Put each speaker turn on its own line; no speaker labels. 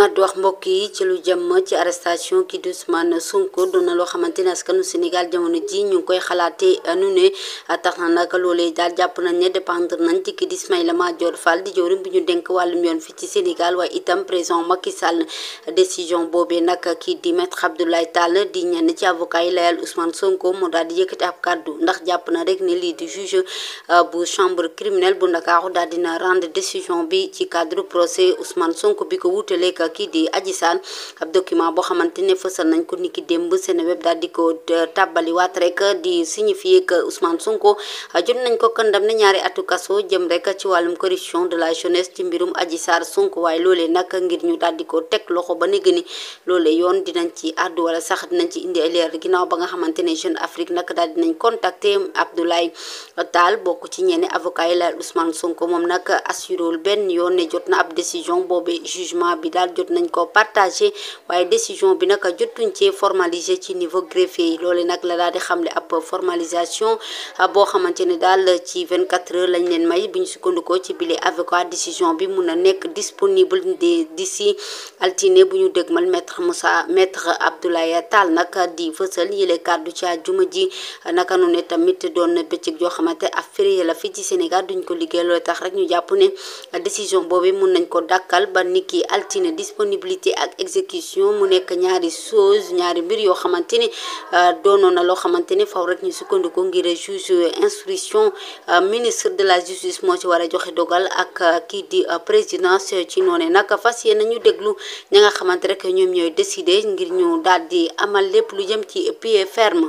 ma àddu wax mbokk yi ci lu jëm ci arrestation ki di Ousmane Sonko doon na loo xamante ne askanu Sénégal jamono ji ñu ngi koy xalaatee nu ne tax na nag loolee daal jàpp nañ ne dépendre nañ ci ki di Ismaïla Madior Fall di jëwriñ bi ñu wàllum yoon fii ci Sénégal waaye itam président Macky Sall décision boobee nag kii di maître Abdoulaye Tall di ñenn ci avocat yi layal Ousmane Sonko moo daal di yëkkati ab kàddu ndax jàpp na rek ne lii di juge euh, bu chambre criminelle bu Ndakaaru daal dina rendre décision bi ci bi ko wutaleeg kii di Adji Sarr ab document boo xamante ne fësal nañ ko niki démb Seneweb daal di ko euh, tàbbaliwaat rek di signifier que Ousmane Sonko euh, jot nañ ko këndam ne ñaari atu kaso jëm rek ci wàllum corruption de la jeunesse ci mbirum Adji Sarr Sonko waaye loolee nag ngir ñu daal di ko teg loxo ba ne gëni loolee yoon dinañ ci àddu wala sax dinañ ci indi leer ginnaaw ba nga xamante ne Jeune Afrique nag daal dinañ contacter Abdoulaye Tall bokk ci ñenn avocat yi la moom nag jot nañ ko partagé waaye décision bi nag jotuñ cee formalisé ci niveau greffier yi loole nag la daal di xamle ab formalisation boo xamante ne daal ci 24 heures lañ leen may bi ñu sukkandikoo ci bile avocat décision bi mun a nekk disponible d'ici altine bu ñu dégmal maître Moussa maître Abdoulaye Tall nag di fësal yile kàddu ci àjjuma ji naka nu ne tamit doon na bëccëg yoo xamante la fii ci Sénégal duñ ko liggéey tax rek mun nañ ko dàkkal ba niki altine disponibilité ak exécution mu nekk ñaari chose ñaari mbir yoo xamante ni euh, doonoon na loo xamante ni faw rek ñu sukkandiku ngir juge instruction euh, ministre de la justice moo ci war a joxe dogal ak euh, kii di présidence ci noonu nag fas yéene ñu déglu ña nga xamante rek ñoom ñooy décider ngir ñu daal di amal lépp lu jëm ci pied ferme.